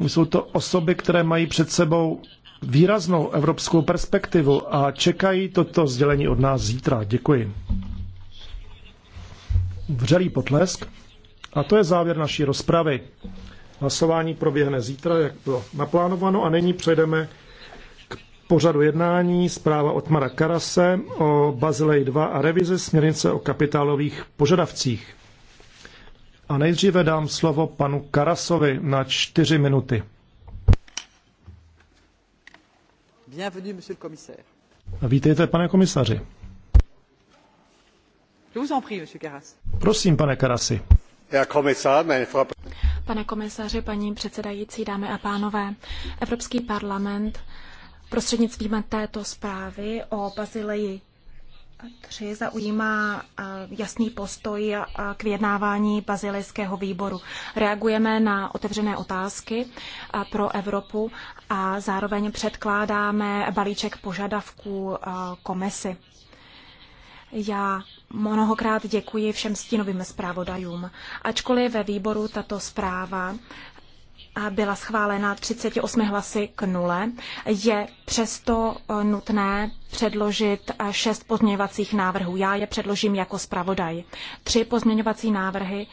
Jsou to osoby, které mají před sebou výraznou evropskou perspektivu a čekají toto sdělení od nás zítra. Děkuji. Vřelý potlesk. A to je závěr naší rozpravy. Hlasování proběhne zítra, jak bylo naplánováno, a nyní přejdeme k pořadu jednání zpráva od Mara Karase o Bazilej 2 a revize směrnice o kapitálových požadavcích. A nejdříve dám slovo panu Karasovi na čtyři minuty. Bienvenue, monsieur le commissaire. Vítejte, pane komisaři. Prosím, pane Karasi. Pane komisaři, paní předsedající, dámy a pánové, Evropský parlament prostřednictvím této zprávy o Bazileji 3 zaujímá eh, jasný postoj eh, k vyjednávání bazilejského výboru. Reagujeme na otevřené otázky eh, pro Evropu a zároveň předkládáme balíček požadavků komisi. Já mnohokrát děkuji všem stínovým zpravodajům. Ačkoliv ve výboru tato zpráva byla schválena 38 hlasy k nule, je přesto eh, nutné předložit eh, šest pozměňovacích návrhů. Já je předložím jako zpravodaj. Tři pozměňovací návrhy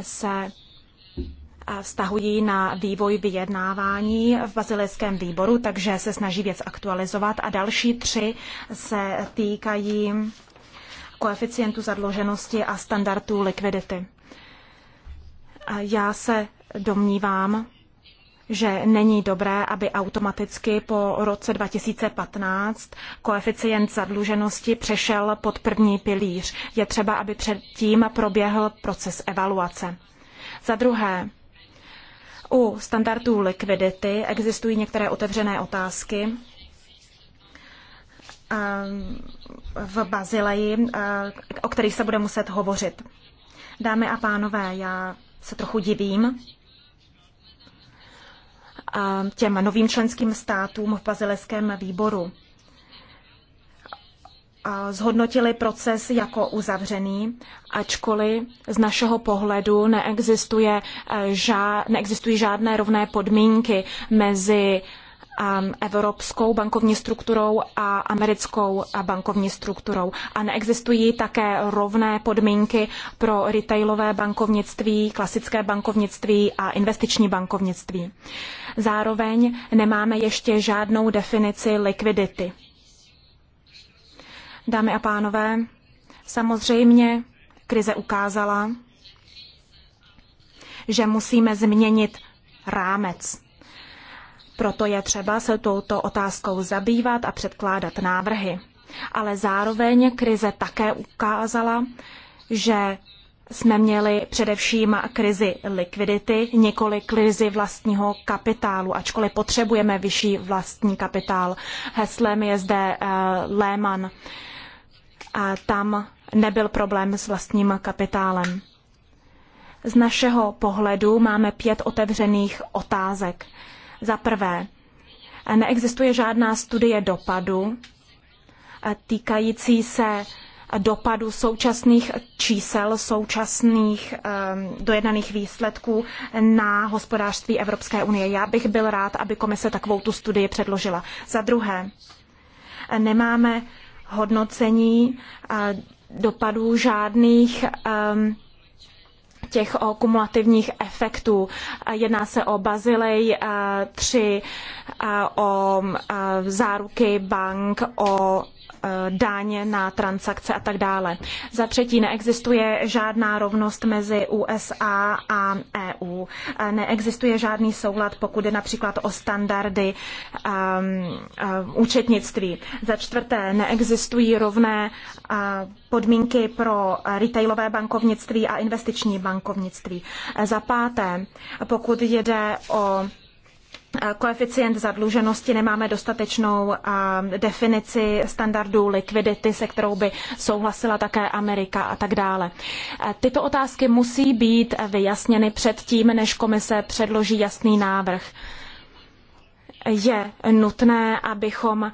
se eh, vztahují na vývoj vyjednávání v bazilejském výboru, takže se snaží věc aktualizovat a další tři se týkají koeficientu zadluženosti a standardů likvidity. Já se domnívám, že není dobré, aby automaticky po roce 2015 koeficient zadluženosti přešel pod první pilíř. Je třeba, aby předtím proběhl proces evaluace. Za druhé, u standardů likvidity existují některé otevřené otázky. Eh, v Bazileji, eh, o kterých se bude muset hovořit. Dámy a pánové, já se trochu divím, těm novým členským státům v bazileském výboru. Zhodnotili proces jako uzavřený, ačkoliv z našeho pohledu neexistuje e, neexistují žádné rovné podmínky mezi evropskou bankovní strukturou a americkou bankovní strukturou. A neexistují také rovné podmínky pro retailové bankovnictví, klasické bankovnictví a investiční bankovnictví. Zároveň nemáme ještě žádnou definici likvidity. Dámy a pánové, samozřejmě krize ukázala, že musíme změnit rámec. Proto je třeba se touto otázkou zabývat a předkládat návrhy. Ale zároveň krize také ukázala, že jsme měli především krizi likvidity, nikoli krizi vlastního kapitálu, ačkoliv potřebujeme vyšší vlastní kapitál. Heslem je zde uh, Lehman. A tam nebyl problém s vlastním kapitálem. Z našeho pohledu máme pět otevřených otázek. Uh, za prvé, neexistuje žádná studie dopadu eh, týkající se dopadu současných čísel, současných um, dojednaných výsledků na hospodářství Evropské unie. Já bych byl rád, aby komise takovou tu studii předložila. Za druhé, nemáme hodnocení uh, dopadů žádných um, těch kumulativních efektů. Jedná se o Bazilej tři o záruky bank, o Eh, daň na transakce a tak dále. Za třetí, neexistuje žádná rovnost mezi USA a EU. Eh, neexistuje žádný soulad, pokud je například o standardy um, um, účetnictví. Za čtvrté, neexistují rovné uh, podmínky pro retailové bankovnictví a investiční bankovnictví. Za páté, pokud jde o koeficient zadluženosti, nemáme dostatečnou definici standardů likvidity, se kterou by souhlasila také Amerika a tak dále. Tyto otázky musí být vyjasněny předtím, než komise předloží jasný návrh. Je nutné, abychom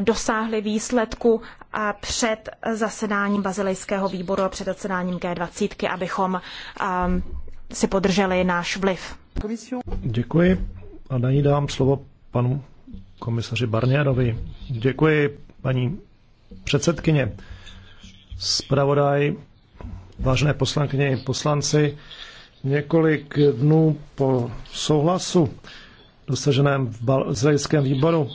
dosáhli výsledku před zasedáním Bazilejského výboru a před zasedáním G20, abychom si podrželi náš vliv. Děkuji. A na ní dám slovo panu komisaři Barnierovi. Děkuji, paní předsedkyně. Spravodaj, vážné poslankyně poslanci, několik dnů po souhlasu dosaženém v izraelském výboru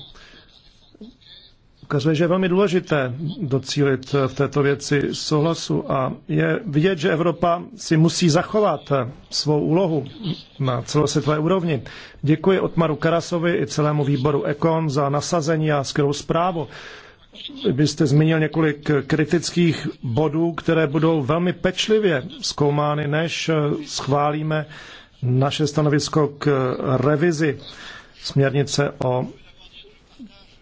ukazuje, že je velmi důležité docílit eh, v této věci souhlasu a je vidět, že Evropa si musí zachovat eh, svou úlohu na celosvětové úrovni. Děkuji Otmaru Karasovi i celému výboru Ekon za nasazení a skvělou zprávu. Byste zmínil několik eh, kritických bodů, které budou velmi pečlivě zkoumány, než schválíme naše stanovisko k revizi směrnice o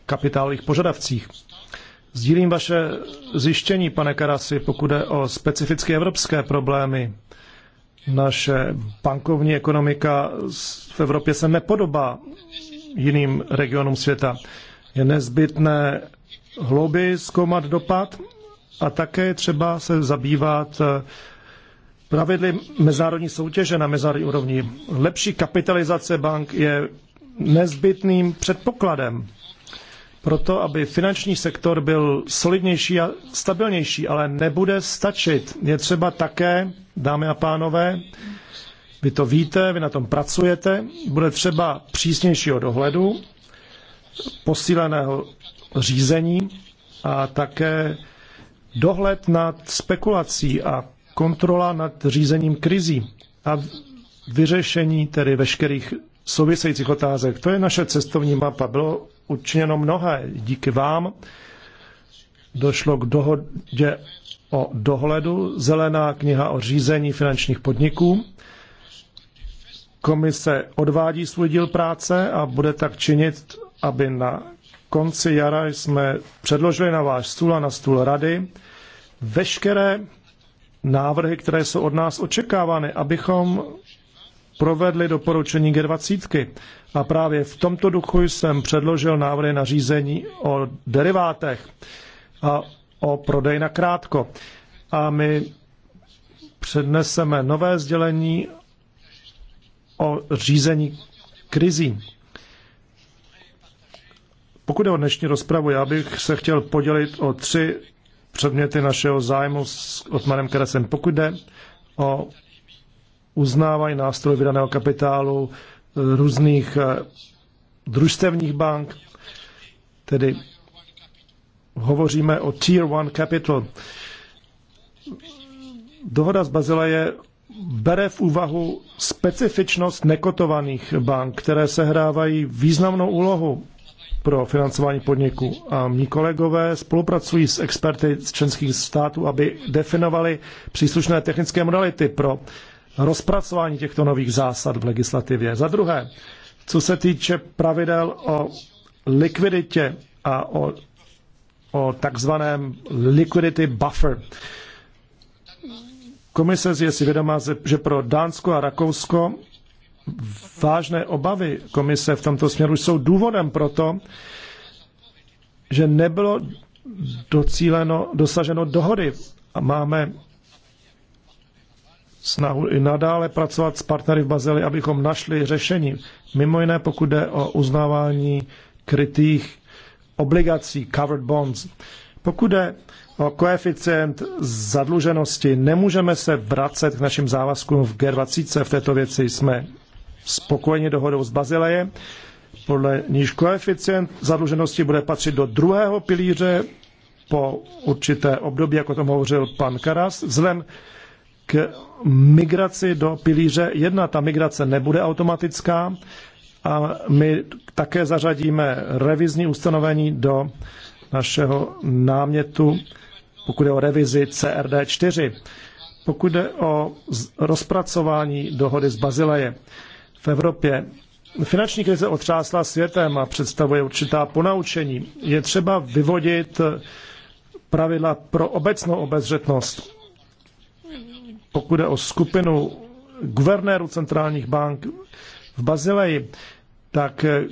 kapitálových požadavcích. Sdílím vaše zjištění, pane Karasi, pokud jde o specifické evropské problémy. Naše bankovní ekonomika v Evropě se nepodobá jiným regionům světa. Je nezbytné hlouběji zkoumat dopad a také třeba se zabývat eh, pravidly mezinárodní soutěže na mezinárodní úrovni. Lepší kapitalizace bank je nezbytným předpokladem proto, aby finanční sektor byl solidnější a stabilnější, ale nebude stačit. Je třeba také, dámy a pánové, vy to víte, vy na tom pracujete, bude třeba přísnějšího dohledu, posíleného řízení a také dohled nad spekulací a kontrola nad řízením krizí a vyřešení tedy veškerých souvisejících otázek. To je naše cestovní mapa. Bylo učiněno mnohé. Díky vám došlo k dohodě o dohledu, zelená kniha o řízení finančních podniků. Komise odvádí svůj díl práce a bude tak činit, aby na konci jara jsme předložili na váš stůl a na stůl rady veškeré návrhy, které jsou od nás očekávány, abychom provedli doporučení G20. A právě v tomto duchu jsem předložil návrhy na řízení o derivátech a o prodej na krátko. A my předneseme nové sdělení o řízení krizí. Pokud je o dnešní rozpravu, já bych se chtěl podělit o tři předměty našeho zájmu s Otmanem Keresem. Pokud jde o uznávají nástroj vydaného kapitálu eh, různých eh, družstevních bank, tedy hovoříme o Tier 1 Capital. Dohoda z Bazileje bere v úvahu specifičnost nekotovaných bank, které sehrávají významnou úlohu pro financování podniků. A mý kolegové spolupracují s experty z členských států, aby definovali příslušné technické modality pro rozpracování těchto nových zásad v legislativě. Za druhé, co se týče pravidel o likviditě a o, o takzvaném liquidity buffer. Komise je si vědomá, že pro Dánsko a Rakousko vážné obavy komise v tomto směru jsou důvodem pro to, že nebylo docíleno, dosaženo dohody. A máme snahu i nadále pracovat s partnery v Bazeli, abychom našli řešení. Mimo jiné, pokud jde o uznávání krytých obligací, covered bonds. Pokud jde o koeficient zadluženosti, nemůžeme se vracet k našim závazkům v G20. V této věci jsme spokojeni dohodou z Bazileje, podle níž koeficient zadluženosti bude patřit do druhého pilíře po určité období, jako to hovořil pan Karas, vzhledem k migraci do pilíře 1. Ta migrace nebude automatická a my také zařadíme revizní ustanovení do našeho námětu, pokud je o revizi CRD 4. Pokud jde o rozpracování dohody z Bazileje v Evropě, Finanční krize otřásla světem a představuje určitá ponaučení. Je třeba vyvodit pravidla pro obecnou obezřetnost pokud je o skupinu guvernérů centrálních bank v Bazileji, tak eh,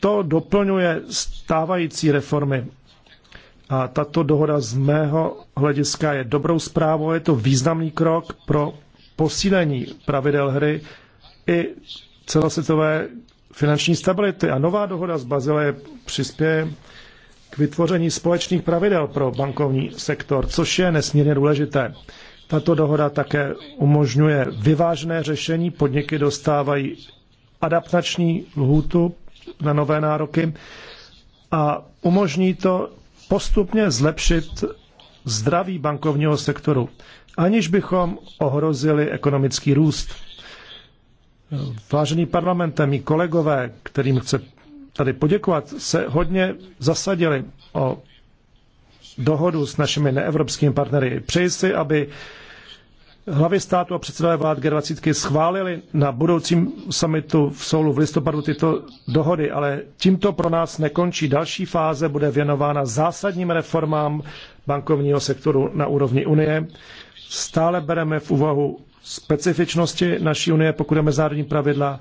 to doplňuje stávající reformy. A tato dohoda z mého hlediska je dobrou zprávou, je to významný krok pro posílení pravidel hry i celosvětové finanční stability. A nová dohoda z Bazileje přispěje k vytvoření společných pravidel pro bankovní sektor, což je nesmírně důležité. Tato dohoda také umožňuje vyvážné řešení. Podniky dostávají adaptační lhůtu na nové nároky a umožní to postupně zlepšit zdraví bankovního sektoru, aniž bychom ohrozili ekonomický růst. Vážený parlamente, mý kolegové, kterým chci tady poděkovat, se hodně zasadili o dohodu s našimi neevropskými partnery. Přeji si, aby Hlavy státu a předsedové vlád G20 schválili na budoucím summitu v Soulu v listopadu tyto dohody, ale tímto pro nás nekončí. Další fáze bude věnována zásadním reformám bankovního sektoru na úrovni Unie. Stále bereme v úvahu specifičnosti naší Unie, pokud je mezinárodní pravidla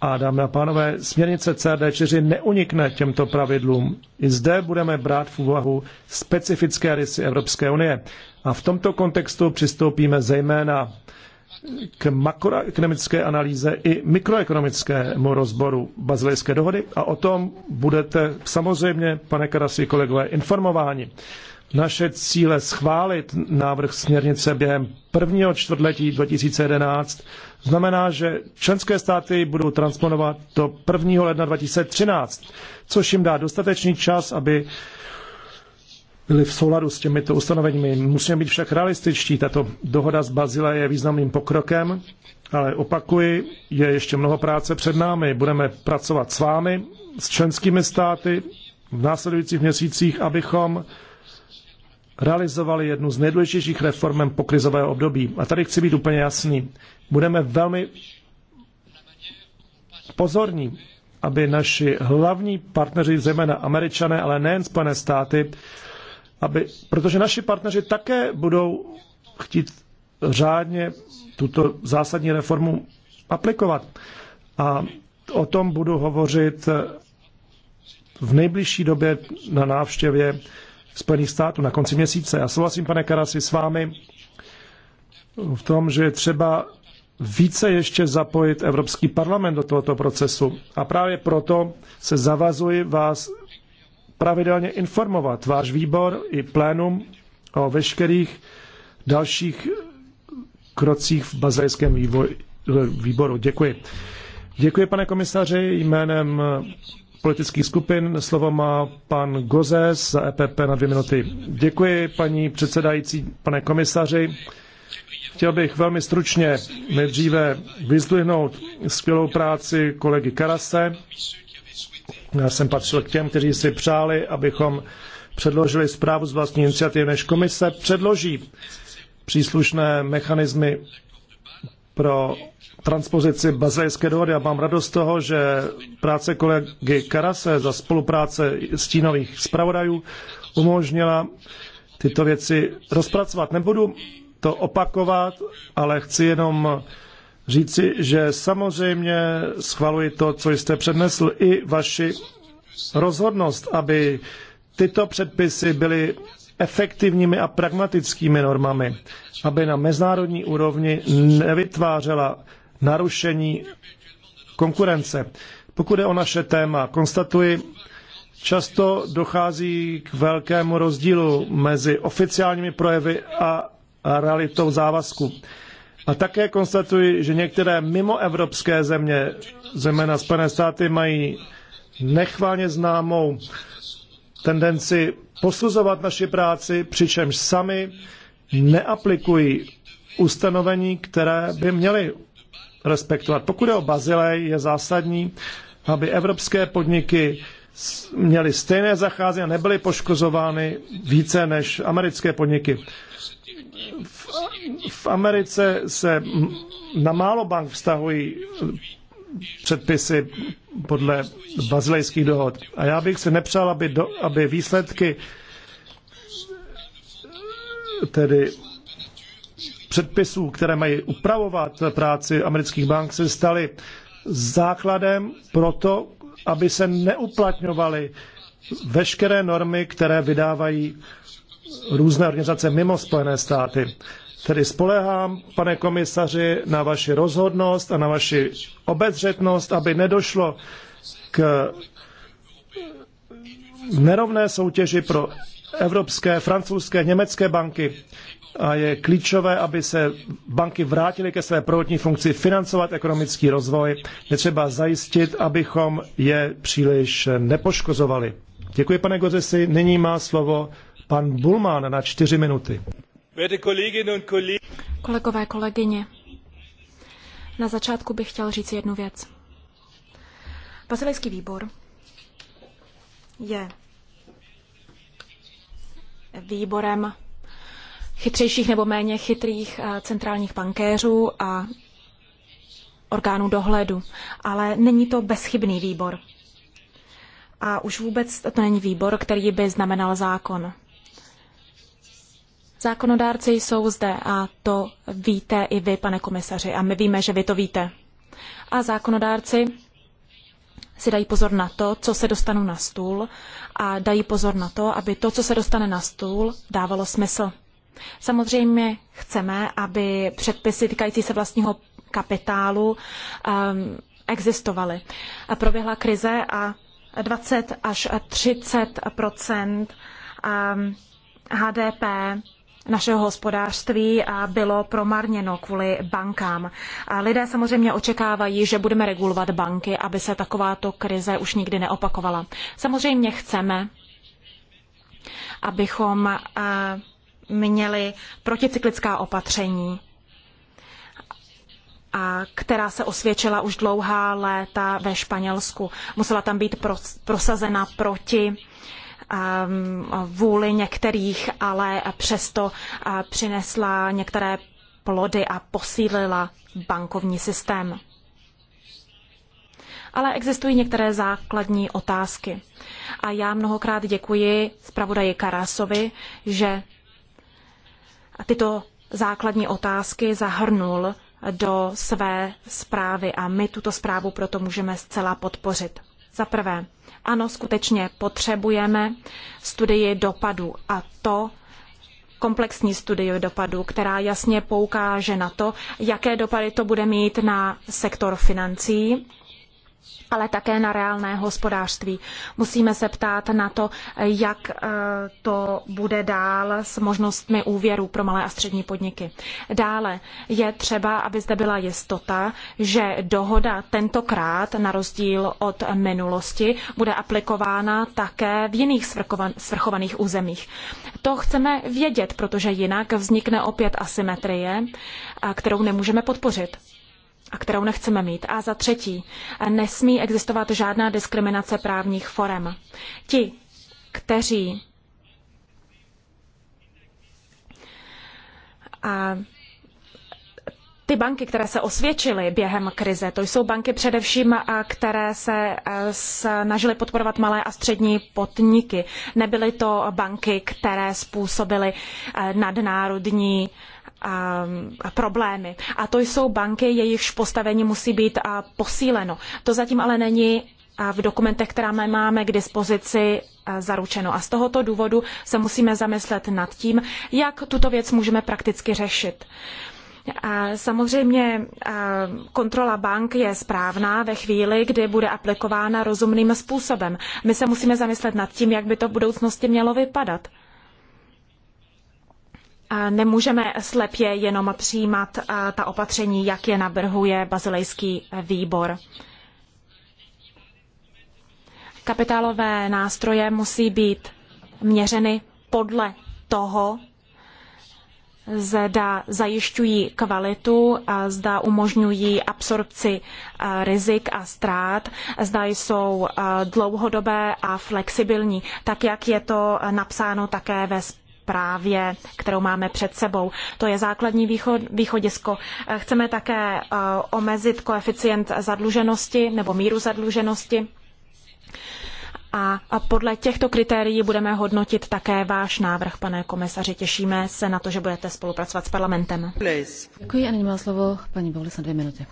a dámy a pánové, směrnice CRD4 neunikne těmto pravidlům. I zde budeme brát v úvahu specifické rysy Evropské unie. A v tomto kontextu přistoupíme zejména k makroekonomické analýze i mikroekonomickému rozboru bazilejské dohody a o tom budete samozřejmě, pane Karasi, kolegové, informováni naše cíle schválit návrh směrnice během prvního čtvrtletí 2011 znamená, že členské státy budou transponovat do 1. ledna 2013, což jim dá dostatečný čas, aby byly v souladu s těmito ustanoveními. Musíme být však realističtí. Tato dohoda z Bazile je významným pokrokem, ale opakuji, je ještě mnoho práce před námi. Budeme pracovat s vámi, s členskými státy v následujících měsících, abychom realizovali jednu z nejdůležitějších reform pokrizového období. A tady chci být úplně jasný. Budeme velmi pozorní, aby naši hlavní partneři, zejména američané, ale nejen Spojené státy, aby, protože naši partneři také budou chtít řádně tuto zásadní reformu aplikovat. A o tom budu hovořit v nejbližší době na návštěvě Spojených států na konci měsíce. Já souhlasím, pane Karasi, s vámi v tom, že je třeba více ještě zapojit Evropský parlament do tohoto procesu. A právě proto se zavazuji vás pravidelně informovat, váš výbor i plénum, o veškerých dalších krocích v bazajském výboru. Děkuji. Děkuji, pane komisaři, jménem politických skupin. Slovo má pan Gozes za EPP na dvě minuty. Děkuji, paní předsedající, pane komisaři. Chtěl bych velmi stručně nejdříve vyzdvihnout skvělou práci kolegy Karase. Já jsem patřil k těm, kteří si přáli, abychom předložili zprávu z vlastní iniciativy, než komise předloží příslušné mechanismy pro transpozici bazilejské dohody a mám radost z toho, že práce kolegy Karase za spolupráce stínových zpravodajů umožnila tyto věci rozpracovat. Nebudu to opakovat, ale chci jenom říci, že samozřejmě schvaluji to, co jste přednesl, i vaši rozhodnost, aby tyto předpisy byly efektivními a pragmatickými normami, aby na mezinárodní úrovni nevytvářela narušení konkurence. Pokud je o naše téma, konstatuji, často dochází k velkému rozdílu mezi oficiálními projevy a realitou závazku. A také konstatuji, že některé mimoevropské země, zejména Spojené státy, mají nechválně známou tendenci posuzovat naši práci, přičemž sami neaplikují ustanovení, které by měly respektovat. Pokud je o Bazilej, je zásadní, aby evropské podniky měly stejné zacházení a nebyly poškozovány více než americké podniky. V, v Americe se na málo bank vztahují předpisy podle bazilejských dohod. A já bych si nepřál, aby, do, aby výsledky tedy předpisů, které mají upravovat práci amerických bank, se staly základem pro to, aby se neuplatňovaly veškeré normy, které vydávají různé organizace mimo Spojené státy. Tedy spolehám, pane komisaři, na vaši rozhodnost a na vaši obezřetnost, aby nedošlo k nerovné soutěži pro evropské, francouzské, německé banky a je klíčové, aby se banky vrátily ke své prvotní funkci financovat ekonomický rozvoj. Je třeba zajistit, abychom je příliš nepoškozovali. Děkuji, pane Gozesi. Nyní má slovo pan Bulman na čtyři minuty. Kolegové, kolegyně, na začátku bych chtěl říct jednu věc. Basilejský výbor je výborem chytřejších nebo méně chytrých eh, centrálních bankéřů a orgánů dohledu, ale není to bezchybný výbor. A už vůbec to není výbor, který by znamenal zákon. Zákonodárci jsou zde a to víte i vy, pane komisaři, a my víme, že vy to víte. A zákonodárci si dají pozor na to, co se dostanou na stůl a dají pozor na to, aby to, co se dostane na stůl, dávalo smysl. Samozřejmě chceme, aby předpisy týkající se vlastního kapitálu um, existovaly. A proběhla krize a 20 až 30 um, HDP našeho hospodářství bylo promarněno kvůli bankám. Lidé samozřejmě očekávají, že budeme regulovat banky, aby se takováto krize už nikdy neopakovala. Samozřejmě chceme, abychom měli proticyklická opatření, a která se osvědčila už dlouhá léta ve Španělsku. Musela tam být prosazena proti Ehm, vůli některých, ale přesto eh, přinesla některé plody a posílila bankovní systém. Ale existují některé základní otázky. A já mnohokrát děkuji zpravodaji Karasovi, že tyto základní otázky zahrnul do své zprávy a my tuto zprávu proto můžeme zcela podpořit. Za prvé, ano, skutečně potřebujeme studii dopadu a to komplexní studii dopadu, která jasně poukáže na to, jaké dopady to bude mít na sektor financí, ale také na reálné hospodářství. Musíme se ptát na to, jak eh, to bude dál s možnostmi úvěru pro malé a střední podniky. Dále je třeba, aby zde byla jistota, že dohoda tentokrát, na rozdíl od minulosti, bude aplikována také v jiných svrchovaných územích. To chceme vědět, protože jinak vznikne opět asymetrie, eh, kterou nemůžeme podpořit a kterou nechceme mít. A za třetí, nesmí existovat žádná diskriminace právních forem. Ti, kteří a ty banky, které se osvědčily během krize, to jsou banky především, které se e, snažily podporovat malé a střední podniky. Nebyly to banky, které způsobily e, nadnárodní problémy. A to jsou banky, jejichž postavení musí být posíleno. To zatím ale není v dokumentech, která máme k dispozici, zaručeno. A z tohoto důvodu se musíme zamyslet nad tím, jak tuto věc můžeme prakticky řešit. A samozřejmě kontrola bank je správná ve chvíli, kdy bude aplikována rozumným způsobem. My se musíme zamyslet nad tím, jak by to v budoucnosti mělo vypadat nemůžeme slepě jenom přijímat ta opatření, jak je navrhuje bazilejský výbor. Kapitálové nástroje musí být měřeny podle toho, zda zajišťují kvalitu, a zda umožňují absorpci rizik a ztrát, zda jsou dlouhodobé a flexibilní, tak jak je to napsáno také ve právě, kterou máme před sebou. To je základní východ, východisko. Chceme také eh, omezit koeficient zadluženosti nebo míru zadluženosti. A podle těchto kritérií budeme hodnotit také váš návrh, pane komisaři. Těšíme se na to, že budete spolupracovat s parlamentem. Děkuji a nyní má slovo paní Boulis na dvě minuty.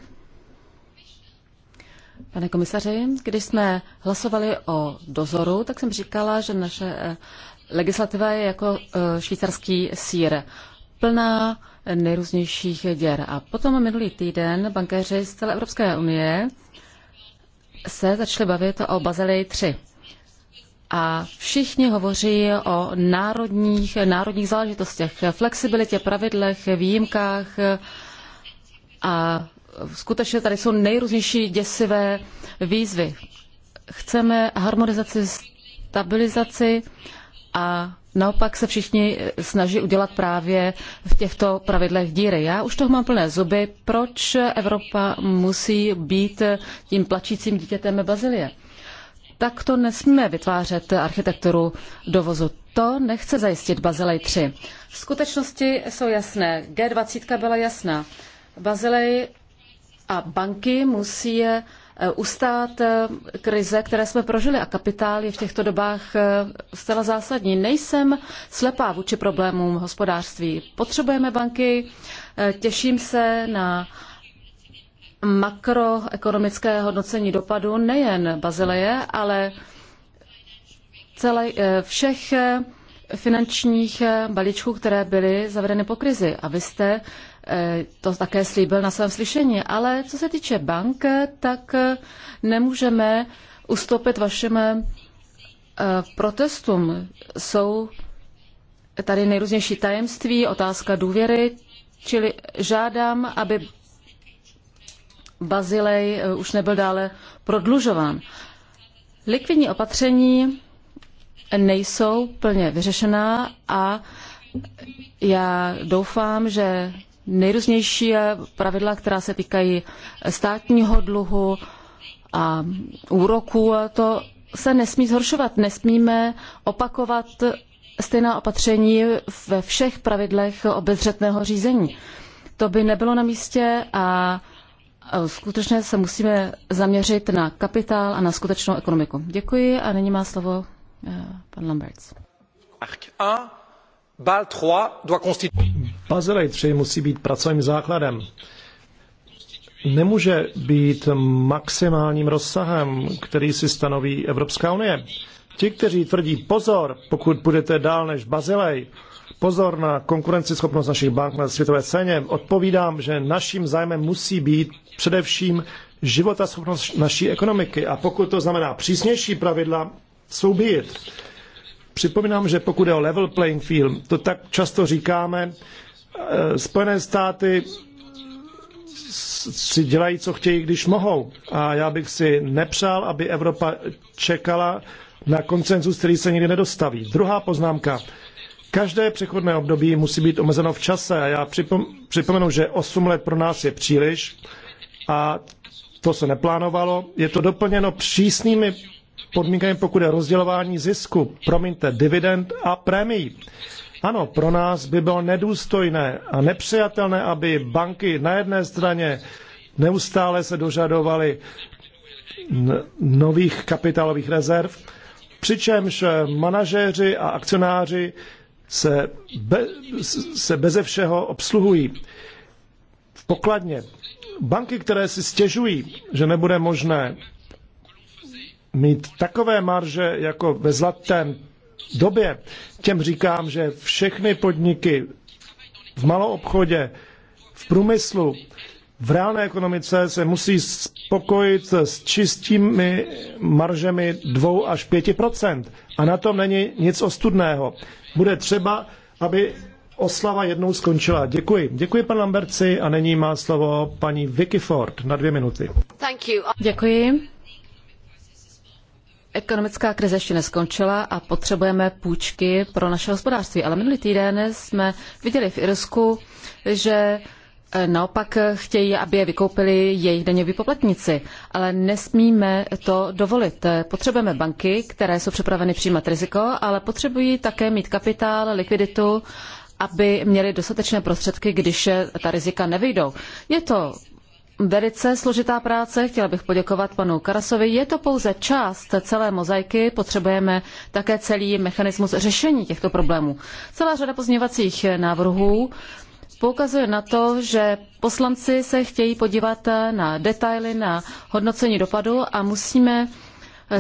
Pane komisaři, když jsme hlasovali o dozoru, tak jsem říkala, že naše legislativa je jako e, švýcarský sír, plná nejrůznějších děr. A potom minulý týden bankéři z celé Evropské unie se začali bavit o Bazileji 3. A všichni hovoří o národních, národních záležitostech, flexibilitě, pravidlech, výjimkách a skutečně tady jsou nejrůznější děsivé výzvy. Chceme harmonizaci, stabilizaci, a naopak se všichni eh, snaží udělat právě v těchto pravidlech díry. Já už toho mám plné zuby. Proč Evropa musí být eh, tím plačícím dítětem Bazilie? Tak to nesmíme vytvářet architekturu dovozu. To nechce zajistit Bazilej 3. V skutečnosti jsou jasné. G20 byla jasná. Bazilej a banky musí Eh, ustát eh, krize, které jsme prožili a kapitál je v těchto dobách eh, zcela zásadní. Nejsem slepá vůči problémům hospodářství. Potřebujeme banky, těším se na makroekonomické hodnocení dopadu nejen Bazileje, ale celé, všech finančních balíčků, které byly zavedeny po krizi. A vy jste Eh, to také slíbil na svém slyšení. Ale co se týče bank, tak eh, nemůžeme ustoupit vašim eh, protestům. Jsou tady nejrůznější tajemství, otázka důvěry, čili žádám, aby Bazilej už nebyl dále prodlužován. Likvidní opatření nejsou plně vyřešená a já doufám, že nejrůznější pravidla, která se týkají státního dluhu a úroků. To se nesmí zhoršovat. Nesmíme opakovat stejná opatření ve všech pravidlech obezřetného řízení. To by nebylo na místě a skutečně se musíme zaměřit na kapitál a na skutečnou ekonomiku. Děkuji a nyní má slovo eh, pan Lamberts. Bazilej 3 musí být pracovním základem. Nemůže být maximálním rozsahem, který si stanoví Evropská unie. Ti, kteří tvrdí pozor, pokud budete dál než Bazilej, pozor na konkurenceschopnost našich bank na světové scéně, odpovídám, že naším zájmem musí být především životaschopnost naší ekonomiky. A pokud to znamená přísnější pravidla, soubíjet. Připomínám, že pokud je o level playing field, to tak často říkáme, eh, Spojené státy si dělají, co chtějí, když mohou. A já bych si nepřál, aby Evropa čekala na koncenzus, který se nikdy nedostaví. Druhá poznámka. Každé přechodné období musí být omezeno v čase a já připom- připomenu, že 8 let pro nás je příliš a to se neplánovalo. Je to doplněno přísnými podmínkami, pokud je rozdělování zisku, promiňte, dividend a prémií. Ano, pro nás by bylo nedůstojné a nepřijatelné, aby banky na jedné straně neustále se dožadovaly nových kapitálových rezerv, přičemž manažéři a akcionáři se, be, se beze všeho obsluhují. V pokladně banky, které si stěžují, že nebude možné mít takové marže jako ve zlatém době, těm říkám, že všechny podniky v maloobchodě, v průmyslu, v reálné ekonomice se musí spokojit s čistými maržemi 2 až 5 A na tom není nic ostudného. Bude třeba, aby oslava jednou skončila. Děkuji. Děkuji, pan Lamberci, a nyní má slovo paní Vicky Ford na dvě minuty. Děkuji. Ekonomická krize ještě neskončila a potřebujeme půjčky pro naše hospodářství. Ale minulý týden jsme viděli v Irsku, že eh, naopak chtějí, aby je vykoupili jejich daňoví poplatníci. Ale nesmíme to dovolit. Eh, potřebujeme banky, které jsou připraveny přijímat riziko, ale potřebují také mít kapitál, likviditu aby měli dostatečné prostředky, když eh, ta rizika nevyjdou. Je to velice složitá práce. Chtěla bych poděkovat panu Karasovi. Je to pouze část celé mozaiky. Potřebujeme také celý mechanismus řešení těchto problémů. Celá řada pozměňovacích návrhů poukazuje na to, že poslanci se chtějí podívat na detaily, na hodnocení dopadu a musíme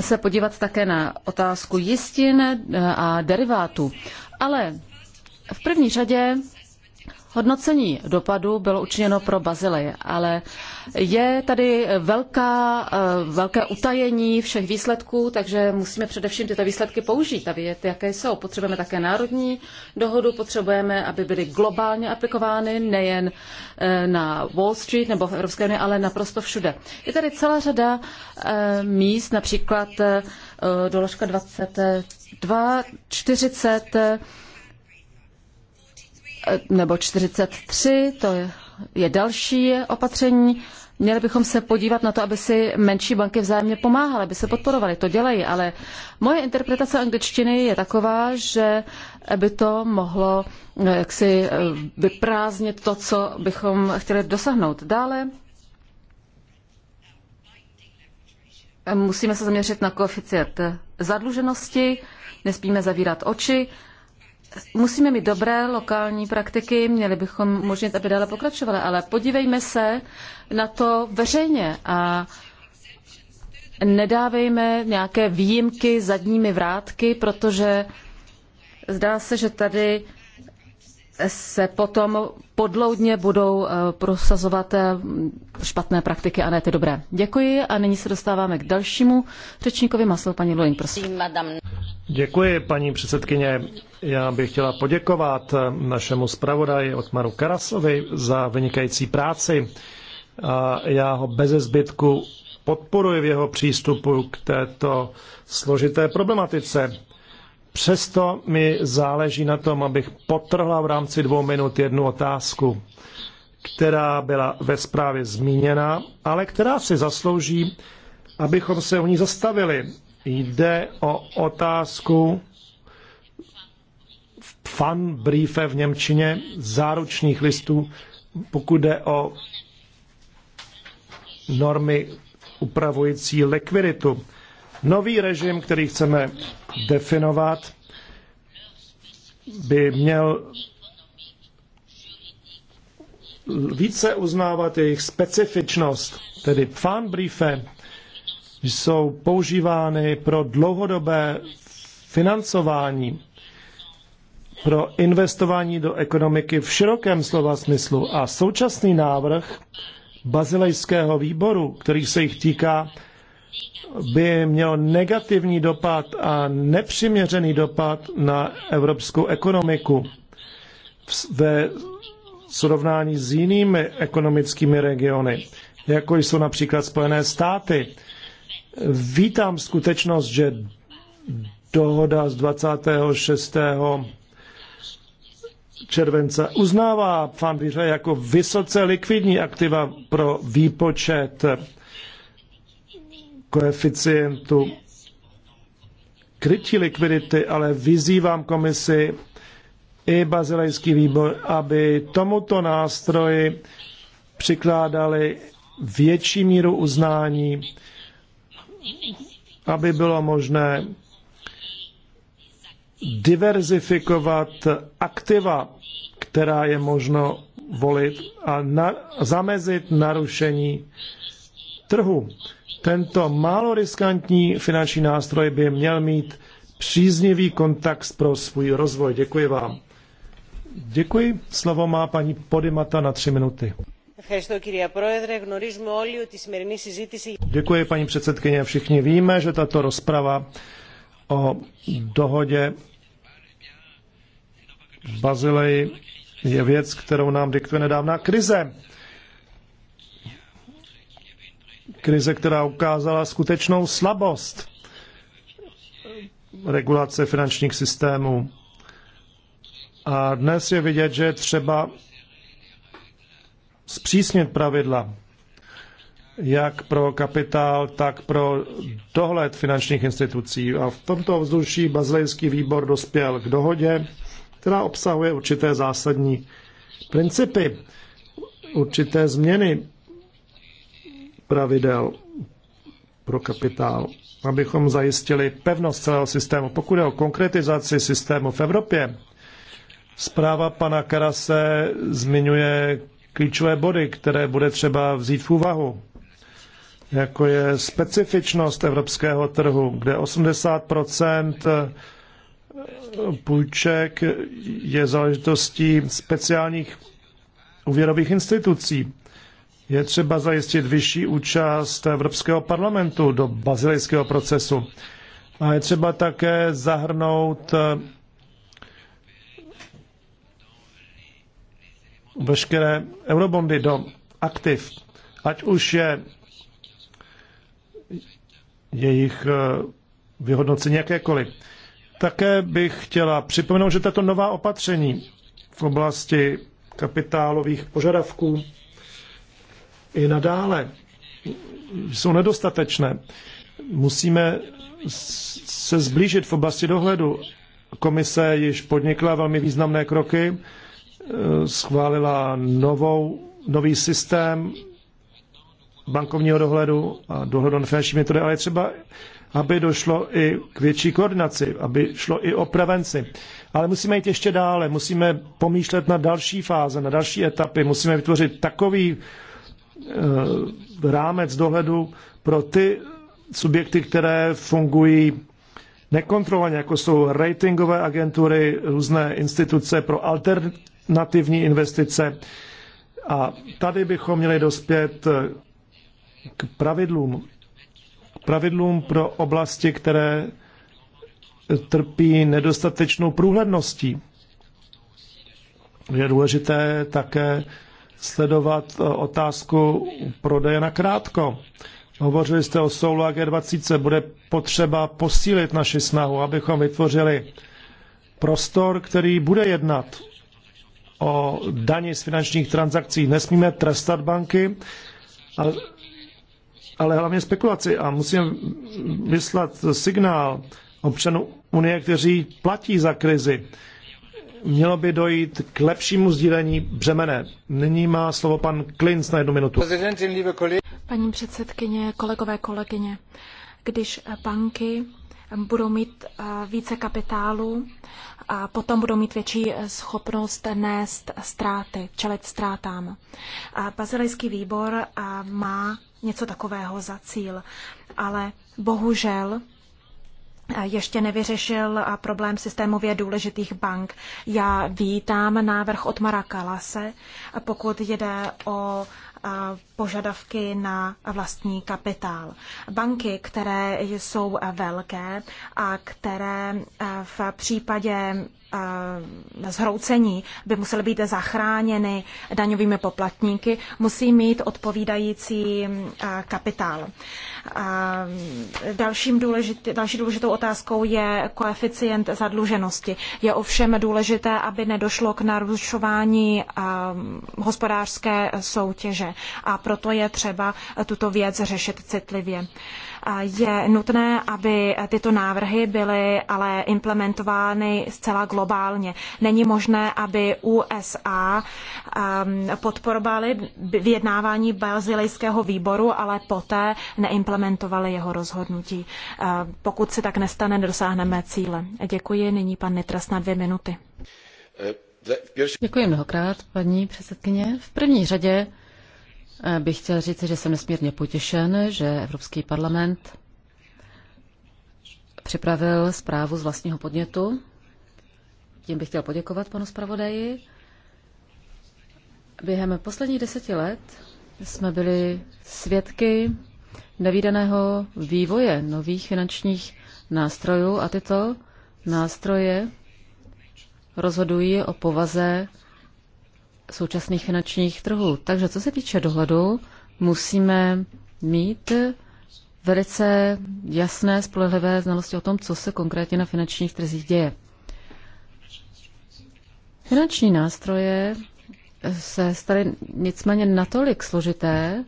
se podívat také na otázku jistin a derivátů. Ale v první řadě Hodnocení dopadu bylo učiněno pro Bazily, ale je tady velká, eh, velké utajení všech výsledků, takže musíme především tyto výsledky použít a vědět, jaké jsou. Potřebujeme také národní dohodu, potřebujeme, aby byly globálně aplikovány, nejen eh, na Wall Street nebo v Evropské unii, ale naprosto všude. Je tady celá řada eh, míst, například doložka 22, 40, nebo 43, to je další opatření. Měli bychom se podívat na to, aby si menší banky vzájemně pomáhaly, aby se podporovaly. To dělají, ale moje interpretace angličtiny je taková, že by to mohlo eh, jaksi eh, vyprázdnit to, co bychom chtěli dosáhnout. Dále musíme se zaměřit na koeficient zadluženosti, nesmíme zavírat oči musíme mít dobré lokální praktiky, měli bychom možnit, aby dále pokračovala, ale podívejme se na to veřejně a nedávejme nějaké výjimky zadními vrátky, protože zdá se, že tady se potom podloudně budou eh, prosazovat eh, špatné praktiky a ne ty dobré. Děkuji a nyní se dostáváme k dalšímu řečníkovi. Maslou paní Luin, prosím. Děkuji, paní předsedkyně. Já bych chtěla poděkovat našemu zpravodaji Otmaru Karasovi za vynikající práci. A já ho bez zbytku podporuji v jeho přístupu k této složité problematice. Přesto mi záleží na tom, abych potrhla v rámci dvou minut jednu otázku, která byla ve zprávě zmíněna, ale která si zaslouží, abychom se o ní zastavili Jde o otázku fan briefe v Němčině, záručních listů, pokud jde o normy upravující likviditu. Nový režim, který chceme definovat, by měl více uznávat jejich specifičnost, tedy fan briefe, jsou používány pro dlouhodobé financování, pro investování do ekonomiky v širokém slova smyslu. A současný návrh bazilejského výboru, který se jich týká, by měl negativní dopad a nepřiměřený dopad na evropskou ekonomiku ve srovnání s jinými ekonomickými regiony, jako jsou například Spojené státy Vítám skutečnost, že dohoda z 26. července uznává fanvíře jako vysoce likvidní aktiva pro výpočet koeficientu krytí likvidity, ale vyzývám komisi i bazilejský výbor, aby tomuto nástroji přikládali větší míru uznání aby bylo možné diverzifikovat aktiva, která je možno volit a na, zamezit narušení trhu. Tento málo riskantní finanční nástroj by měl mít příznivý kontakt pro svůj rozvoj. Děkuji vám. Děkuji. Slovo má paní Podimata na tři minuty. Děkuji, paní předsedkyně. Všichni víme, že tato rozprava o dohodě v Bazileji je věc, kterou nám diktuje nedávná krize. Krize, která ukázala skutečnou slabost regulace finančních systémů. A dnes je vidět, že třeba zpřísnit pravidla jak pro kapitál, tak pro dohled finančních institucí. A v tomto vzduší bazilejský výbor dospěl k dohodě, která obsahuje určité zásadní principy, určité změny pravidel pro kapitál, abychom zajistili pevnost celého systému. Pokud je o konkretizaci systému v Evropě, zpráva pana Karase zmiňuje klíčové body, které bude třeba vzít v úvahu, jako je specifičnost evropského trhu, kde 80 půjček je záležitostí speciálních úvěrových institucí. Je třeba zajistit vyšší účast Evropského parlamentu do bazilejského procesu. A je třeba také zahrnout veškeré eurobondy do aktiv, ať už je jejich eh, vyhodnocení jakékoliv. Také bych chtěla připomenout, že tato nová opatření v oblasti kapitálových požadavků i nadále jsou nedostatečné. Musíme se zblížit v oblasti dohledu. Komise již podnikla velmi významné kroky Eh, schválila novou, nový systém bankovního dohledu a dohledu na finanční metody, ale je třeba, aby došlo i k větší koordinaci, aby šlo i o prevenci. Ale musíme jít ještě dále, musíme pomýšlet na další fáze, na další etapy, musíme vytvořit takový eh, rámec dohledu pro ty subjekty, které fungují nekontrolovaně, jako jsou ratingové agentury, různé instituce pro alternativní investice. A tady bychom měli dospět k pravidlům, k pravidlům pro oblasti, které trpí nedostatečnou průhledností. Je důležité také sledovat otázku prodeje na krátko. Hovořili jste o soulu a G20. Bude potřeba posílit naši snahu, abychom vytvořili prostor, který bude jednat o dani z finančních transakcí. Nesmíme trestat banky, ale hlavně spekulaci. A musíme vyslat signál občanů Unie, kteří platí za krizi, mělo by dojít k lepšímu sdílení břemene. Nyní má slovo pan Klinc na jednu minutu. Paní předsedkyně, kolegové, kolegyně, když banky budou mít eh, více kapitálu a potom budou mít větší eh, schopnost nést ztráty, čelit ztrátám. Bazilejský výbor eh, má něco takového za cíl, ale bohužel ještě nevyřešil problém systémově důležitých bank. Já vítám návrh od Mara Kalase, pokud jde o požadavky na vlastní kapitál. Banky, které jsou velké a které v případě zhroucení by musely být zachráněny daňovými poplatníky, musí mít odpovídající mm, kapitál. dalším důležitý, další důležitou otázkou je koeficient zadluženosti. Je ovšem důležité, aby nedošlo k narušování hospodářské soutěže a proto je třeba tuto věc řešit citlivě. Je nutné, aby tyto návrhy byly ale implementovány zcela globálně. Není možné, aby USA ehm, podporovaly vyjednávání Bazilejského výboru, ale poté neimplementovali jeho rozhodnutí. Ehm, pokud se tak nestane, nedosáhneme cíle. Děkuji. Nyní pan Nitras na dvě minuty. Eh, Děkuji mnohokrát, paní předsedkyně. V první řadě Eh, bych chtěl říct, že jsem nesmírně potěšen, že Evropský parlament připravil zprávu z vlastního podnětu. Tím bych chtěl poděkovat panu zpravodaji. Během posledních deseti let jsme byli svědky nevýdaného vývoje nových finančních nástrojů a tyto nástroje rozhodují o povaze současných finančních trhů. Takže co se týče dohledu, musíme mít velice jasné, spolehlivé znalosti o tom, co se konkrétně na finančních trzích děje. Finanční nástroje se staly nicméně natolik složité,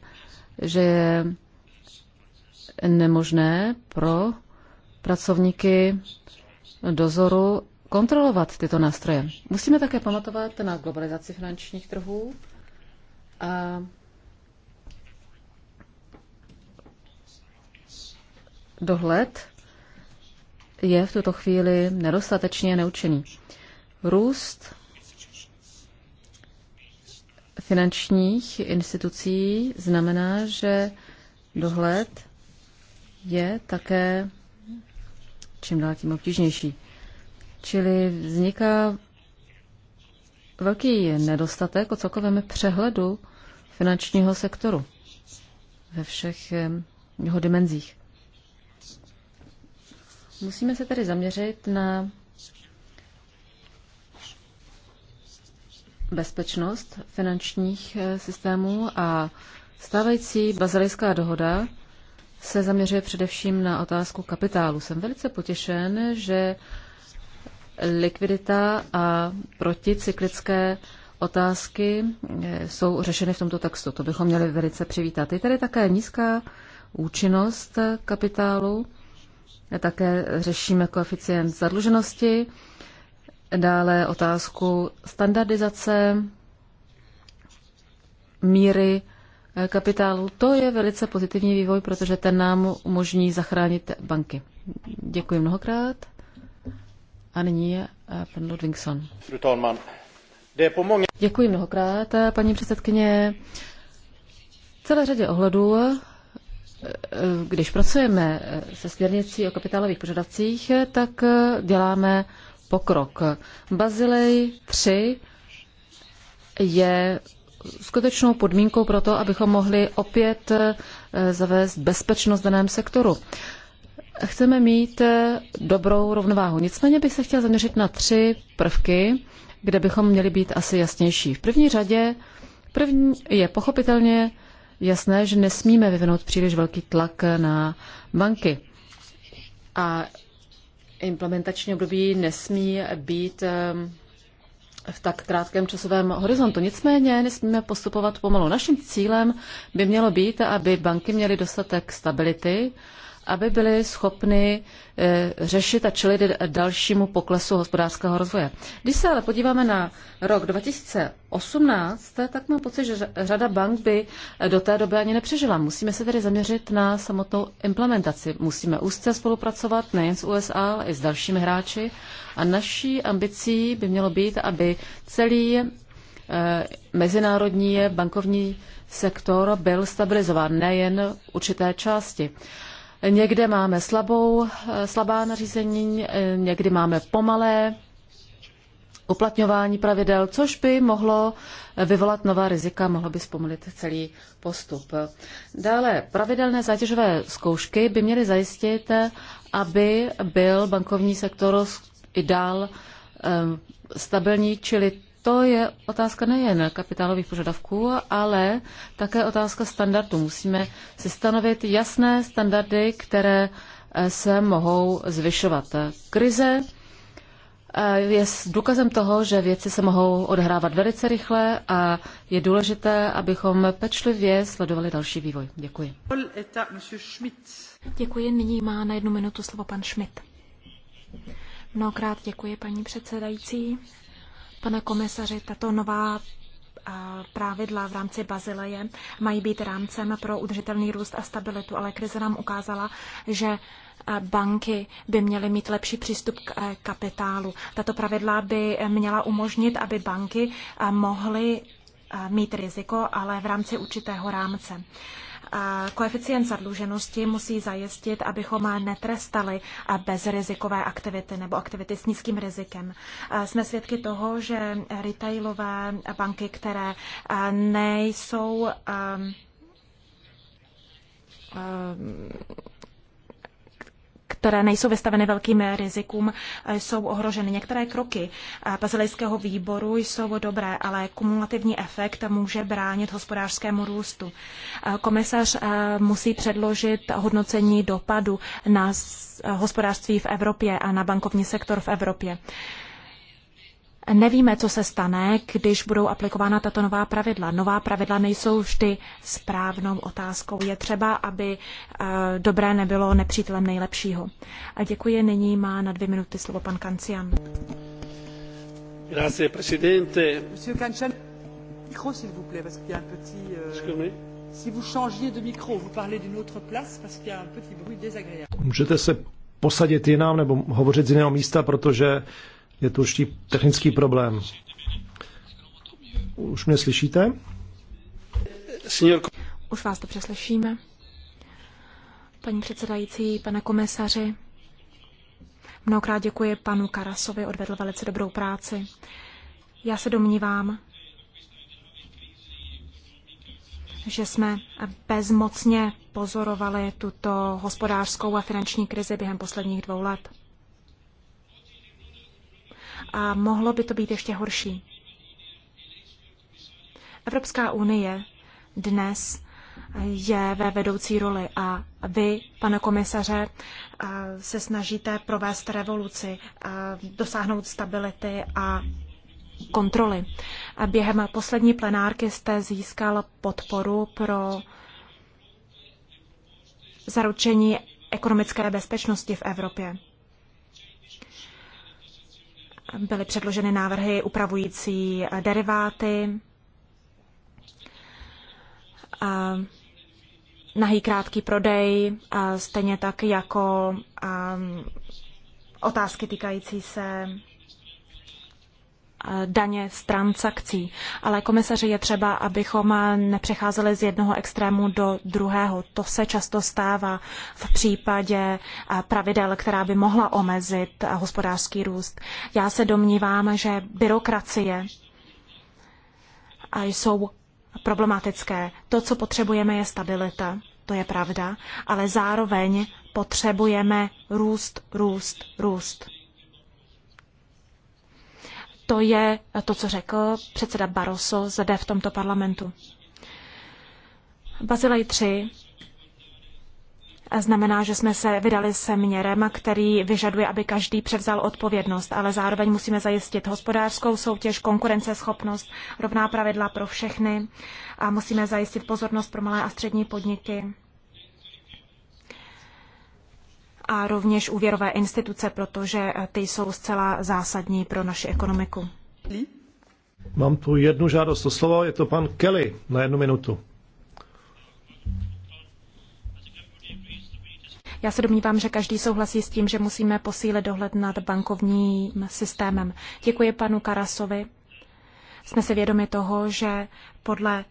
že je nemožné pro pracovníky dozoru, kontrolovat tyto nástroje. Musíme také pamatovat na globalizaci finančních trhů a dohled je v tuto chvíli nedostatečně neučený. Růst finančních institucí znamená, že dohled je také čím dál tím obtížnější. Čili vzniká velký nedostatek o celkovém přehledu finančního sektoru ve všech jeho dimenzích. Musíme se tedy zaměřit na bezpečnost finančních e, systémů a stávající bazilejská dohoda se zaměřuje především na otázku kapitálu. Jsem velice potěšen, že likvidita a proticyklické otázky eh, jsou řešeny v tomto textu. To bychom měli velice přivítat. Je tady také nízká účinnost kapitálu, také řešíme koeficient zadluženosti, dále otázku standardizace, míry eh, kapitálu. To je velice pozitivní vývoj, protože ten nám umožní zachránit banky. Děkuji mnohokrát. A nyní je eh, pan Ludvingson. Děkuji mnohokrát, eh, paní předsedkyně. V celé řadě ohledů, eh, když pracujeme se směrnicí o kapitálových požadavcích, tak děláme pokrok. Bazilej 3 je skutečnou podmínkou pro to, abychom mohli opět zavést bezpečnost v daném sektoru. Chceme mít eh, dobrou rovnováhu. Nicméně bych se chtěla zaměřit na tři prvky, kde bychom měli být asi jasnější. V první řadě první je pochopitelně jasné, že nesmíme vyvinout příliš velký tlak na banky. A implementační období nesmí být ehm, v tak krátkém časovém horizontu. Nicméně nesmíme postupovat pomalu. Naším cílem by mělo být, aby banky měly dostatek stability, aby byly schopny eh, řešit a čelit dalšímu poklesu hospodářského rozvoje. Když se ale podíváme na rok 2018, tak mám pocit, že řada bank by do té doby ani nepřežila. Musíme se tedy zaměřit na samotnou implementaci. Musíme úzce spolupracovat nejen s USA, ale i s dalšími hráči. A naší ambicí by mělo být, aby celý eh, mezinárodní bankovní sektor byl stabilizován, nejen určité části. Někde máme slabou, slabá nařízení, někdy máme pomalé uplatňování pravidel, což by mohlo vyvolat nová rizika, mohlo by zpomalit celý postup. Dále, pravidelné zátěžové zkoušky by měly zajistit, aby byl bankovní sektor i dál eh, stabilní, čili to je otázka nejen kapitálových požadavků, ale také otázka standardů. Musíme si stanovit jasné standardy, které eh, se mohou zvyšovat. Krize eh, je důkazem toho, že věci se mohou odhrávat velice rychle a je důležité, abychom pečlivě sledovali další vývoj. Děkuji. Děkuji. Nyní má na jednu minutu slovo pan Schmidt. Mnohokrát děkuji, paní předsedající. Pane komisaři, tato nová pravidla v rámci Bazileje mají být rámcem pro udržitelný růst a stabilitu, ale krize nám ukázala, že banky by měly mít lepší přístup k kapitálu. Tato pravidla by měla umožnit, aby banky mohly mít riziko, ale v rámci určitého rámce. Koeficient zadluženosti musí zajistit, abychom netrestali bezrizikové aktivity nebo aktivity s nízkým rizikem. Jsme svědky toho, že retailové banky, které nejsou které nejsou vystaveny velkým rizikům, eh, jsou ohroženy. Některé kroky eh, bazilejského výboru jsou dobré, ale kumulativní efekt může bránit hospodářskému růstu. Eh, komisař musí předložit hodnocení dopadu na hospodářství v Evropě a na bankovní sektor v Evropě. Nevíme, co se stane, když budou aplikována tato nová pravidla. Nová pravidla nejsou vždy správnou otázkou. Je třeba, aby eh, dobré nebylo nepřítelem nejlepšího. A děkuji. Nyní má na dvě minuty slovo pan Kancian. Grazie, presidente. Monsieur Kancian, micro, s'il vous plaît, parce qu'il y a un petit... Euh... Si vous changiez de micro, vous parlez d'une autre place, parce qu'il y a un petit bruit désagréable. Můžete se posadit jinam nebo hovořit z jiného místa, protože je to určitý technický problém. Už mě slyšíte? Už vás to přeslyšíme. Paní předsedající, pane komisaři, mnohokrát děkuji panu Karasovi, odvedl velice dobrou práci. Já se domnívám, že jsme bezmocně pozorovali tuto hospodářskou a finanční krizi během posledních dvou let a mohlo by to být ještě horší. Evropská unie dnes je ve vedoucí roli a vy, pane komisaře, se snažíte provést revoluci, dosáhnout stability a kontroly. Během poslední plenárky jste získal podporu pro zaručení ekonomické bezpečnosti v Evropě. Byly předloženy návrhy upravující eh, deriváty, eh, nahý krátký prodej, eh, stejně tak jako otázky týkající se daně z transakcí. Ale komisaři je třeba, abychom nepřecházeli z jednoho extrému do druhého. To se často stává v případě pravidel, která by mohla omezit hospodářský růst. Já se domnívám, že byrokracie jsou problematické. To, co potřebujeme, je stabilita. To je pravda, ale zároveň potřebujeme růst, růst, růst. To je to, co řekl předseda Barroso zde v tomto parlamentu. Bazilej 3 znamená, že jsme se vydali směrem, který vyžaduje, aby každý převzal odpovědnost, ale zároveň musíme zajistit hospodářskou soutěž, konkurenceschopnost, rovná pravidla pro všechny a musíme zajistit pozornost pro malé a střední podniky a rovněž úvěrové instituce, protože eh, ty jsou zcela zásadní pro naši ekonomiku. Mám tu jednu žádost o slovo, je to pan Kelly na jednu minutu. Já se domnívám, že každý souhlasí s tím, že musíme posílit dohled nad bankovním systémem. Děkuji panu Karasovi. Jsme si vědomi toho, že podle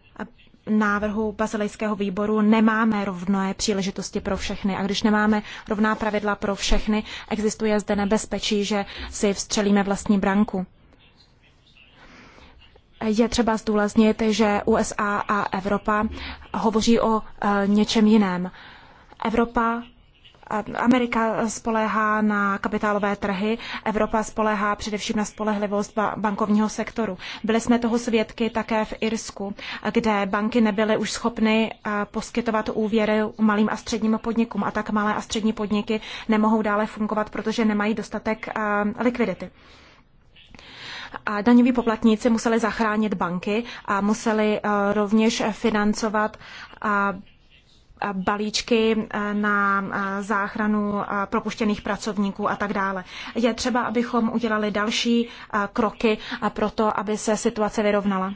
návrhu bazilejského výboru nemáme rovné příležitosti pro všechny. A když nemáme rovná pravidla pro všechny, existuje zde nebezpečí, že si vstřelíme vlastní branku. Je třeba zdůraznit, že USA a Evropa hovoří o e, něčem jiném. Evropa Amerika spoléhá na kapitálové trhy, Evropa spoléhá především na spolehlivost bankovního sektoru. Byli jsme toho svědky také v Irsku, kde banky nebyly už schopny eh, poskytovat úvěry malým a středním podnikům a tak malé a střední podniky nemohou dále fungovat, protože nemají dostatek eh, likvidity. A daňoví poplatníci museli zachránit banky a museli eh, rovněž financovat balíčky eh, na eh, záchranu eh, propuštěných pracovníků a tak dále. Je třeba, abychom udělali další kroky pro to, aby se situace vyrovnala.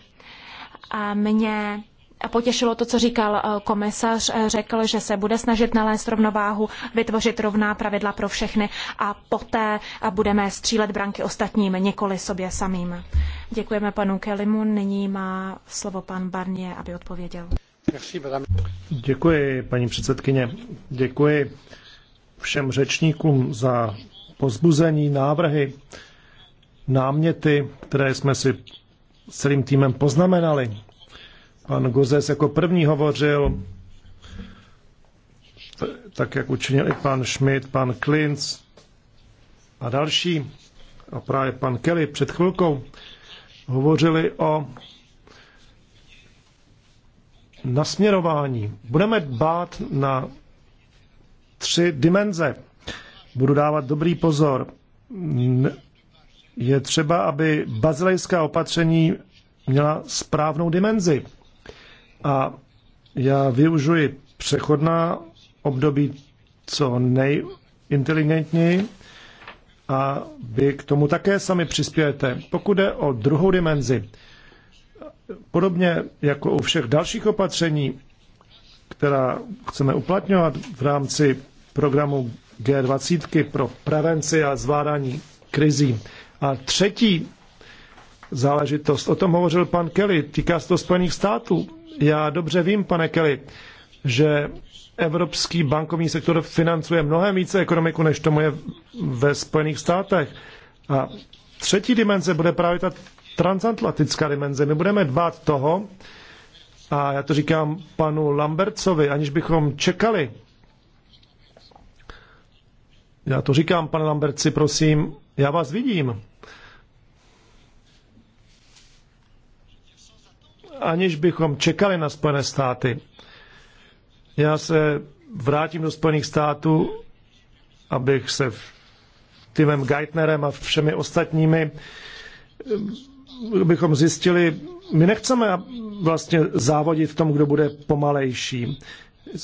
Mě potěšilo to, co říkal komisař. Řekl, že se bude snažit nalézt rovnováhu, vytvořit rovná pravidla pro všechny a poté budeme střílet branky ostatním, nikoli sobě samým. Děkujeme panu Kelimu. Nyní má slovo pan Barnier, aby odpověděl. Děkuji, paní předsedkyně. Děkuji všem řečníkům za pozbuzení, návrhy, náměty, které jsme si s celým týmem poznamenali. Pan Gozes jako první hovořil, tak jak učinil i pan Schmidt, pan Klinc a další, a právě pan Kelly před chvilkou, hovořili o nasměrování. Budeme dbát na tři dimenze. Budu dávat dobrý pozor. Je třeba, aby bazilejská opatření měla správnou dimenzi. A já využuji přechodná období co nejinteligentněji a vy k tomu také sami přispějete. Pokud jde o druhou dimenzi, Podobně jako u všech dalších opatření, která chceme uplatňovat v rámci programu G20 pro prevenci a zvládání krizí. A třetí záležitost, o tom hovořil pan Kelly, týká se to Spojených států. Já dobře vím, pane Kelly, že evropský bankovní sektor financuje mnohem více ekonomiku, než tomu je ve Spojených státech. A třetí dimenze bude právě ta transatlantická dimenze. My budeme dbát toho, a já to říkám panu Lambertsovi, aniž bychom čekali. Já to říkám, pane Lamberci, prosím, já vás vidím. Aniž bychom čekali na Spojené státy. Já se vrátím do Spojených států, abych se Timem Geithnerem a všemi ostatními bychom zjistili, my nechceme vlastně závodit v tom, kdo bude pomalejší.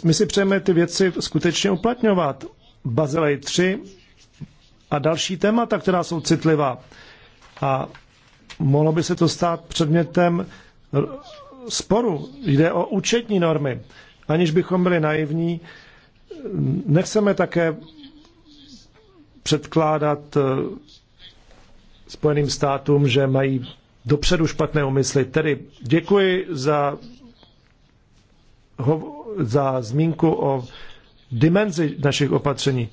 My si přejeme ty věci skutečně uplatňovat. Bazilej 3 a další témata, která jsou citlivá. A mohlo by se to stát předmětem sporu. Jde o účetní normy. Aniž bychom byli naivní, nechceme také předkládat eh, Spojeným státům, že mají dopředu špatné úmysly. Tedy děkuji za, za zmínku o dimenzi našich opatření.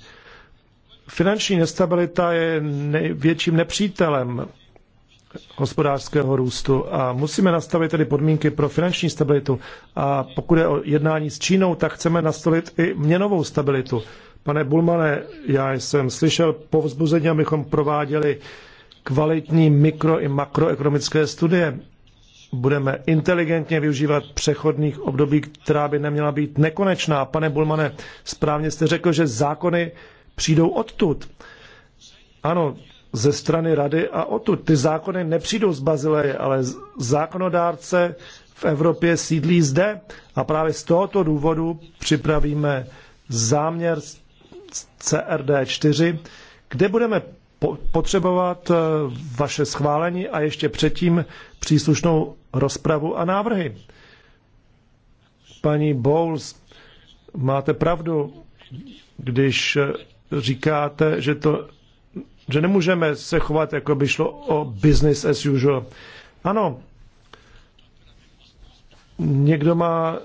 Finanční nestabilita je největším nepřítelem hospodářského růstu a musíme nastavit tedy podmínky pro finanční stabilitu. A pokud je o jednání s Čínou, tak chceme nastavit i měnovou stabilitu. Pane Bulmane, já jsem slyšel povzbuzení, abychom prováděli uh, kvalitní mikro i makroekonomické studie. Budeme inteligentně využívat přechodných období, která by neměla být nekonečná. Pane Bulmane, správně jste řekl, že zákony přijdou odtud. Ano, ze strany rady a odtud. Ty zákony nepřijdou z Bazileje, ale zákonodárce v Evropě sídlí zde a právě z tohoto důvodu připravíme záměr CRD4, kde budeme potřebovat eh, vaše schválení a ještě předtím příslušnou rozpravu a návrhy. Paní Bowles, máte pravdu, když eh, říkáte, že, to, že nemůžeme se chovat, jako by šlo o business as usual. Ano, někdo má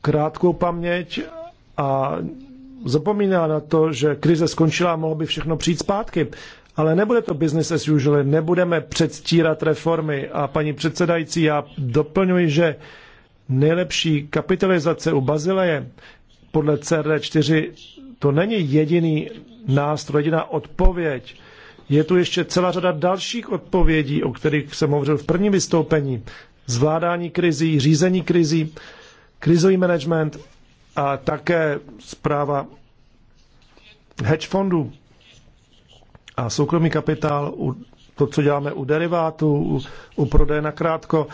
krátkou paměť a zapomíná na to, že krize skončila a mohlo by všechno přijít zpátky ale nebude to business as usual, nebudeme předstírat reformy. A paní předsedající, já doplňuji, že nejlepší kapitalizace u Bazileje podle CRD4 to není jediný nástroj, jediná odpověď. Je tu ještě celá řada dalších odpovědí, o kterých jsem hovořil v prvním vystoupení. Zvládání krizí, řízení krizí, krizový management a také zpráva hedge fondů a soukromý kapitál, to, co děláme u derivátů, u, u prodeje na krátko.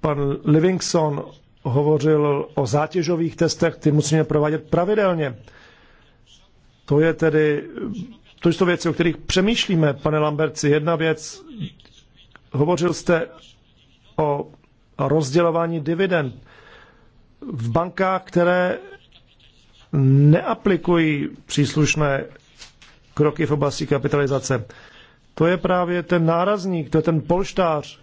Pan Livingston hovořil o zátěžových testech, ty musíme provádět pravidelně. To je tedy, to jsou věci, o kterých přemýšlíme, pane Lamberci. Jedna věc, hovořil jste o rozdělování dividend v bankách, které neaplikují příslušné kroky v oblasti kapitalizace. To je právě ten nárazník, to je ten polštář,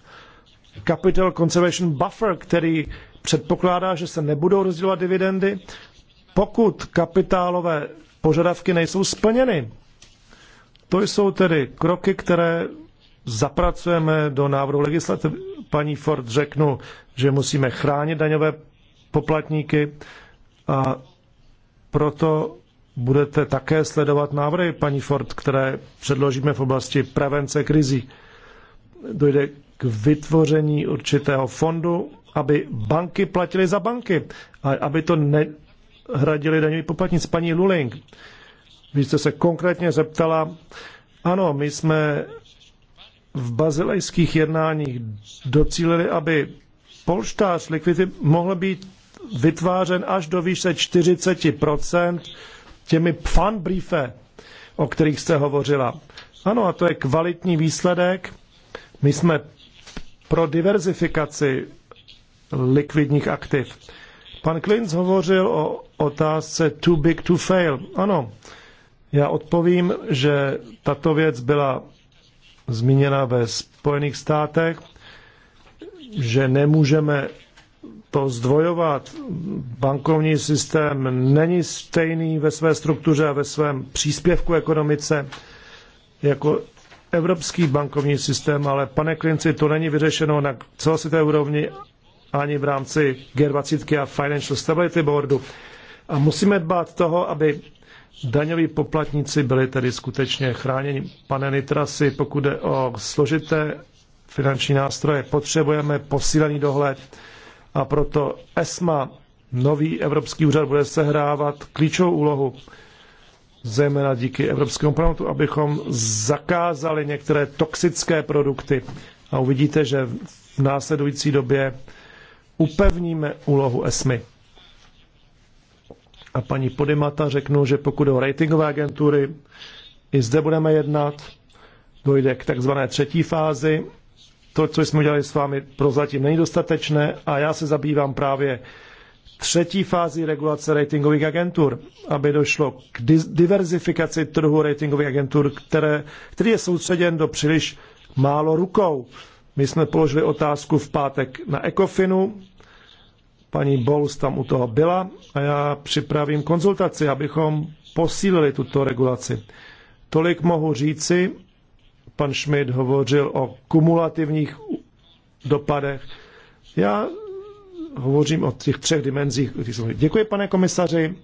Capital Conservation Buffer, který předpokládá, že se nebudou rozdělovat dividendy, pokud kapitálové požadavky nejsou splněny. To jsou tedy kroky, které zapracujeme do návrhu legislativy. Paní Ford řeknu, že musíme chránit daňové poplatníky a proto budete také sledovat návrhy paní Ford, které předložíme v oblasti prevence krizí. Dojde k vytvoření určitého fondu, aby banky platily za banky a aby to nehradili daňoví poplatníci. Paní Luling, vy jste se konkrétně zeptala, ano, my jsme v bazilejských jednáních docílili, aby polštář likvidity mohl být vytvářen až do výše 40 těmi fanbriefe, o kterých jste hovořila. Ano, a to je kvalitní výsledek. My jsme pro diverzifikaci likvidních aktiv. Pan Klinz hovořil o otázce too big to fail. Ano, já odpovím, že tato věc byla zmíněna ve Spojených státech, že nemůžeme to zdvojovat. Bankovní systém není stejný ve své struktuře a ve svém příspěvku ekonomice jako evropský bankovní systém, ale pane Klinci, to není vyřešeno na celosvětové úrovni ani v rámci G20 a Financial Stability Boardu. A musíme dbát toho, aby daňoví poplatníci byli tedy skutečně chráněni. Pane Nitrasi, pokud jde o složité finanční nástroje, potřebujeme posílený dohled a proto ESMA, nový Evropský úřad, bude sehrávat klíčovou úlohu, zejména díky Evropskému parlamentu, abychom zakázali některé toxické produkty. A uvidíte, že v následující době upevníme úlohu ESMY. A paní Podimata řeknu, že pokud o ratingové agentury, i zde budeme jednat, dojde k takzvané třetí fázi to, co jsme udělali s vámi, prozatím není dostatečné a já se zabývám právě třetí fázi regulace ratingových agentur, aby došlo k diverzifikaci trhu ratingových agentur, které, který je soustředěn do příliš málo rukou. My jsme položili otázku v pátek na Ecofinu, paní Bols tam u toho byla a já připravím konzultaci, abychom posílili tuto regulaci. Tolik mohu říci pan Schmidt hovořil o kumulativních dopadech. Já hovořím o těch třech dimenzích. Děkuji, pane komisaři.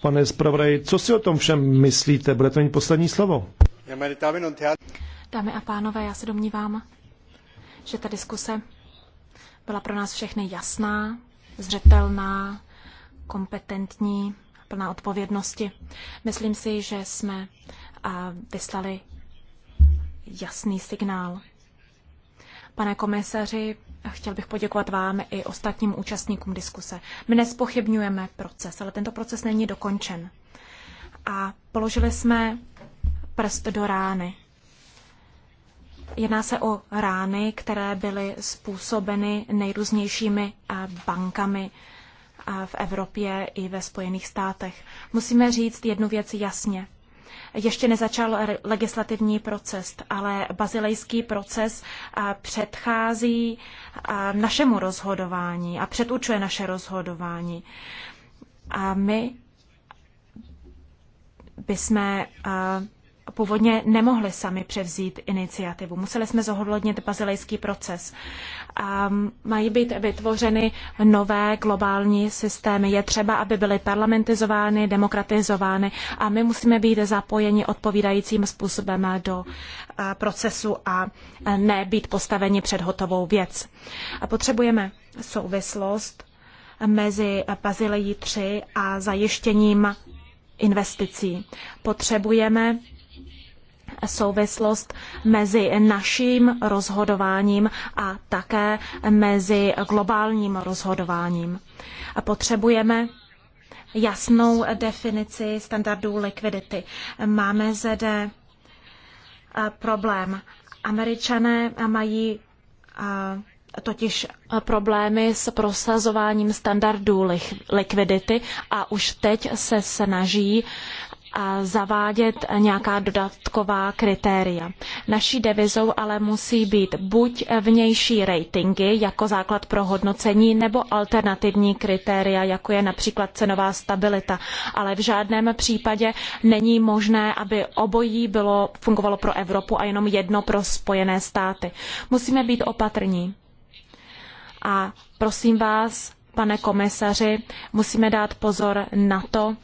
Pane zpravodaji, co si o tom všem myslíte? Bude to mít poslední slovo? Dámy a pánové, já se domnívám, že ta diskuse byla pro nás všechny jasná, zřetelná, kompetentní, plná odpovědnosti. Myslím si, že jsme vyslali jasný signál. Pane komisaři, chtěl bych poděkovat vám i ostatním účastníkům diskuse. My nespochybňujeme proces, ale tento proces není dokončen. A položili jsme prst do rány. Jedná se o rány, které byly způsobeny nejrůznějšími eh, bankami eh, v Evropě i ve Spojených státech. Musíme říct jednu věc jasně ještě nezačal legislativní proces, ale bazilejský proces předchází našemu rozhodování a předučuje naše rozhodování. A my bychom původně nemohli sami převzít iniciativu. Museli jsme zohodlodnit bazilejský proces. a mají být vytvořeny nové globální systémy. Je třeba, aby byly parlamentizovány, demokratizovány a my musíme být zapojeni odpovídajícím způsobem do procesu a ne být postaveni před hotovou věc. A potřebujeme souvislost mezi Bazilejí 3 a zajištěním investicí. Potřebujeme souvislost mezi naším rozhodováním a také mezi globálním rozhodováním. Potřebujeme jasnou definici standardů likvidity. Máme zde eh, problém. Američané mají eh, totiž eh, problémy s prosazováním standardů likvidity a už teď se snaží zavádět nějaká dodatková kritéria. Naší devizou ale musí být buď vnější ratingy jako základ pro hodnocení nebo alternativní kritéria, jako je například cenová stabilita. Ale v žádném případě není možné, aby obojí bylo, fungovalo pro Evropu a jenom jedno pro Spojené státy. Musíme být opatrní. A prosím vás, pane komisaři, musíme dát pozor na to,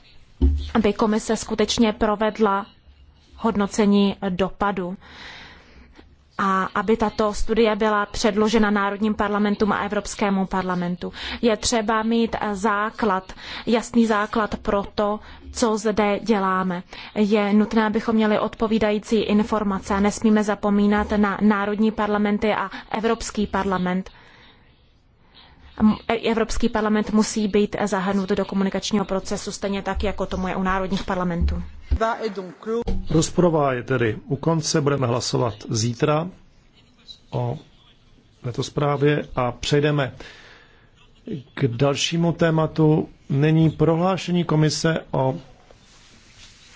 aby komise skutečně provedla hodnocení dopadu a aby tato studie byla předložena národním parlamentům a Evropskému parlamentu. Je třeba mít základ, jasný základ pro to, co zde děláme. Je nutné, abychom měli odpovídající informace a nesmíme zapomínat na národní parlamenty a Evropský parlament. E, Evropský parlament musí být zahrnut do komunikačního procesu, stejně tak, jako tomu je u národních parlamentů. Rozprava je tedy u konce, budeme hlasovat zítra o této zprávě a přejdeme k dalšímu tématu. Není prohlášení komise o